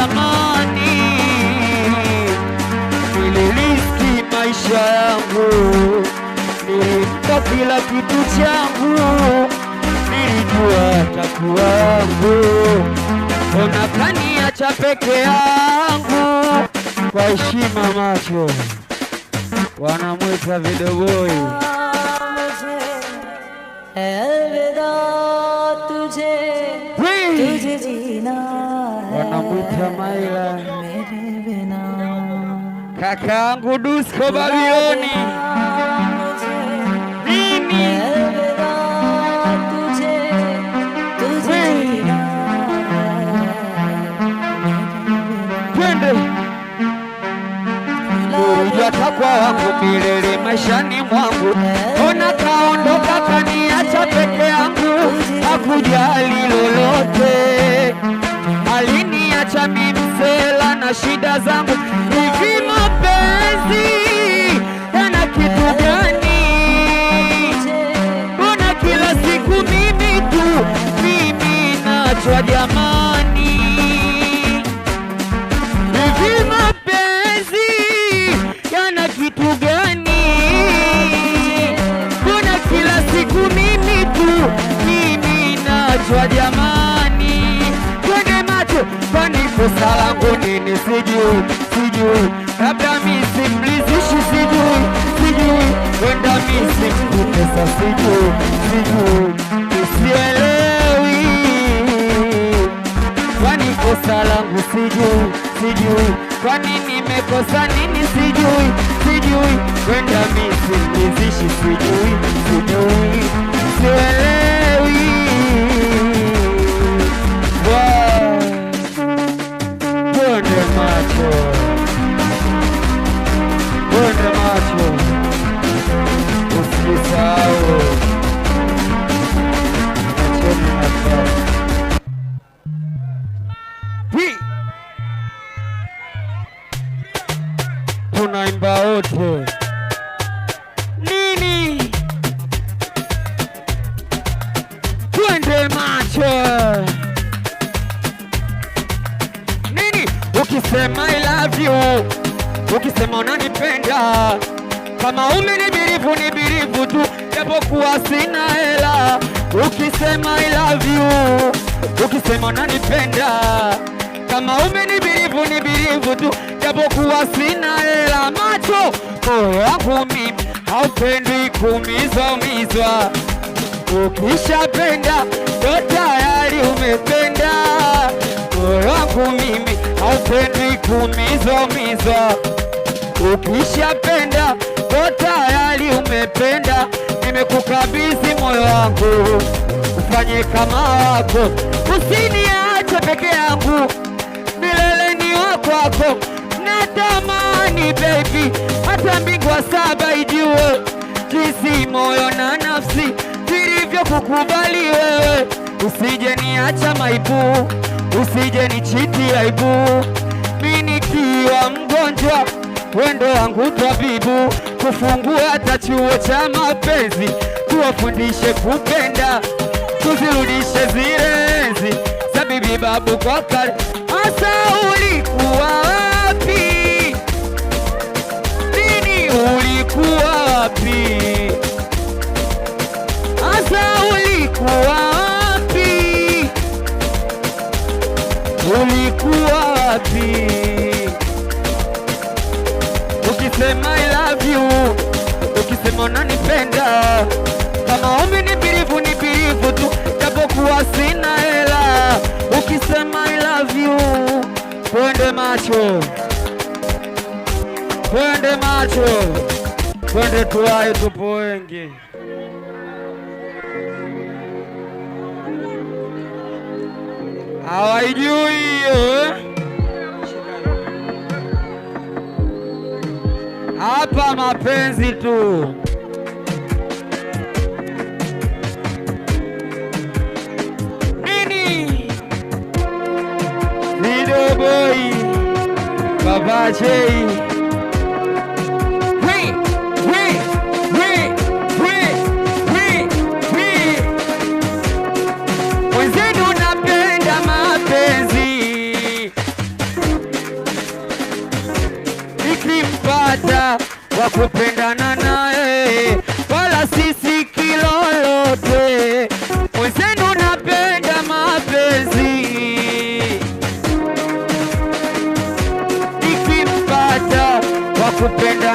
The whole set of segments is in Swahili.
jamani, niliriski maisha yangu, nilimpa kila kitu changu, nilijua atakuwa wangu, mbona kaniacha peke yangu? Kwa heshima macho wanamwita vidogoi elvida tujhe tujhe jina wanamwita Maila, kakaangu Dusko Babiloni. Mimi twende Nuru atakwa wangu milele maishani mwangu, ona kaondoka kaniacha peke yangu, hakujali lolote acha mimi sela na shida zangu hivi mapenzi kila siku nachwa jamani, hivi mapenzi yana kitu gani? kila siku mimi tu mimi nachwa jamani kosa langu nini sijui, sijui, labda mi simlizishi sijui, sijui, wenda mi simpi pesa sijui, sijui, sielewi, kwani kosa langu sijui, sijui, kwani nimekosa nini sijui, sijui, wenda mi simlizishi sijui, sijui, sielewi Ukisema unanipenda kama ni nibirifu tu, japokuwa sina hela. Ukisema I love you, ukisema unanipenda kama umenibirifu, nibirivu tu, japokuwa sina hela. Macho moyo wangu mimi haupendi kumizwa mizwa, ukishapenda ndo tayari umependa Sipendi kumizwamizwa, ukishapenda ko tayari umependa. Nimekukabidhi moyo wangu, ufanye kama wako, usiniache peke yangu, milele ni wako kwako. Natamani baby, hata mbingwa saba ijue jinsi moyo na nafsi vilivyokukubali wewe, usije niacha maibu usije nichiti aibu, mimi nikiwa mgonjwa wendo wangu tabibu, kufungua hata chuo cha mapenzi, tuwafundishe kupenda, tuzirudishe zirezi za bibi babu kwa kale. Hasa ulikuwa wapi? Lini ulikuwa wapi? Hasa ulikuwa ulikuwa wapi? Ukisema I love you, ukisema unanipenda, kama ombi ni pirivu ni pirivu tu, japokuwa sina hela. Ukisema I love you, twende macho, twende macho, twende tuwae, tupo wengi. hawaijui eh? hapa mapenzi tu. Nini Nidoboi babachei Chei Rebecca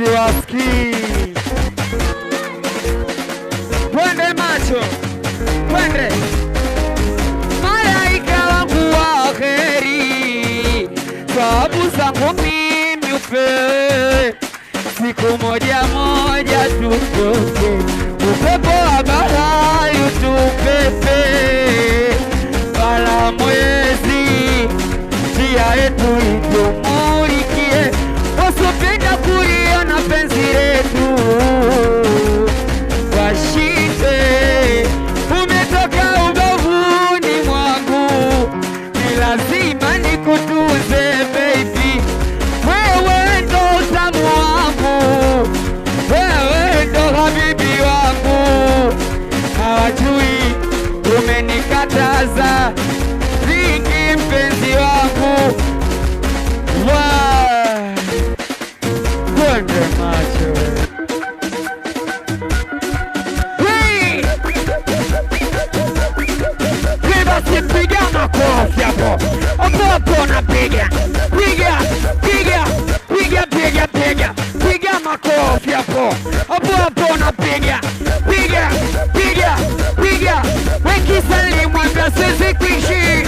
Kioski. Twende macho, twende malaika wangu wa heri, sababu zangu mimi upendo siku moja moja tutoke, upepo wa barayu tupepe, bala mwezi njia yetu itumulikie, wasopenda kuliona penzi letu hapo napiga piga piga piga piga piga piga makofi hapo hapo hapo napiga piga piga piga wekisalimu anda kuishi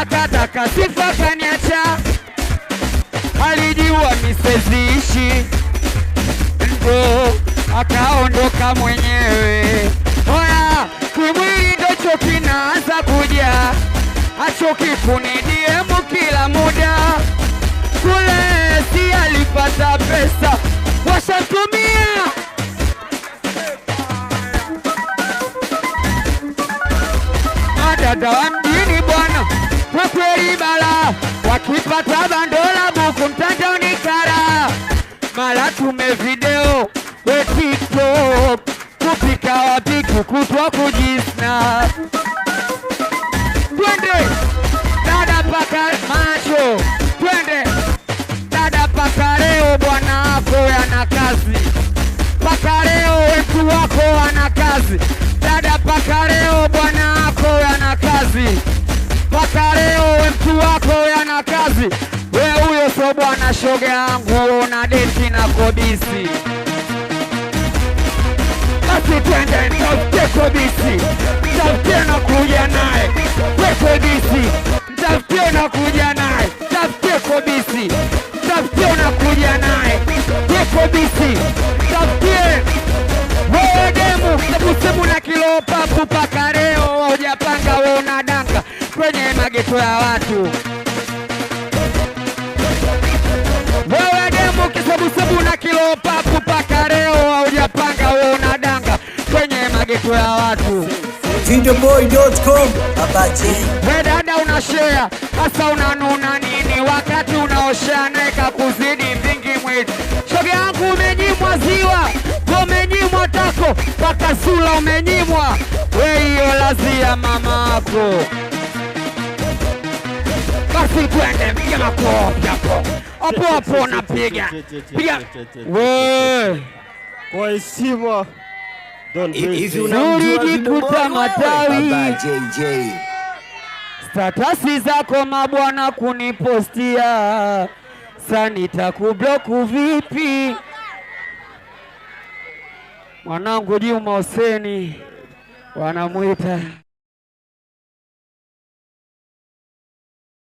akataka sifa kaniacha alijua nisiziishi ndo akaondoka mwenyewe. Ona kimwili ndocho kuja ni diemu kila muda. Kule si alipata pesa, washatumia adada wa mjini bwana, kwa kweli bala, wakipata bandola buku mtandaoni kara, mara tume video we TikTok kupika wapi kukutwa kujisna mpaka macho, twende dada, mpaka leo bwana wako ana kazi, paka leo wetu wako ana kazi, dada, paka leo bwana wako ana kazi, mpaka leo wetu wako ana kazi. We huyo so bwana, shoga yangu, ona deti na kobisi basi twende nitafute kobisi, tafute na kuja naye we macho ya watu. Wewe demu kisebusebu na kilo papu, paka leo haujapanga, wewe unadanga kwenye mageto ya watu. Videoboy.com dada una hasa unanuna nini wakati unaoshea naye kakuzidi vingi mwili. Shoga yangu umenyimwa ziwa, umenyimwa tako, paka sula umenyimwa. Wewe hiyo lazia mama wako basi twende, piga makofi hapo hapo hapo, napiga piga wewe kwa heshima. Ulijikuta matawi statasi zako mabwana kunipostia, sanitakubloku vipi mwanangu? Juma Hoseni wanamwita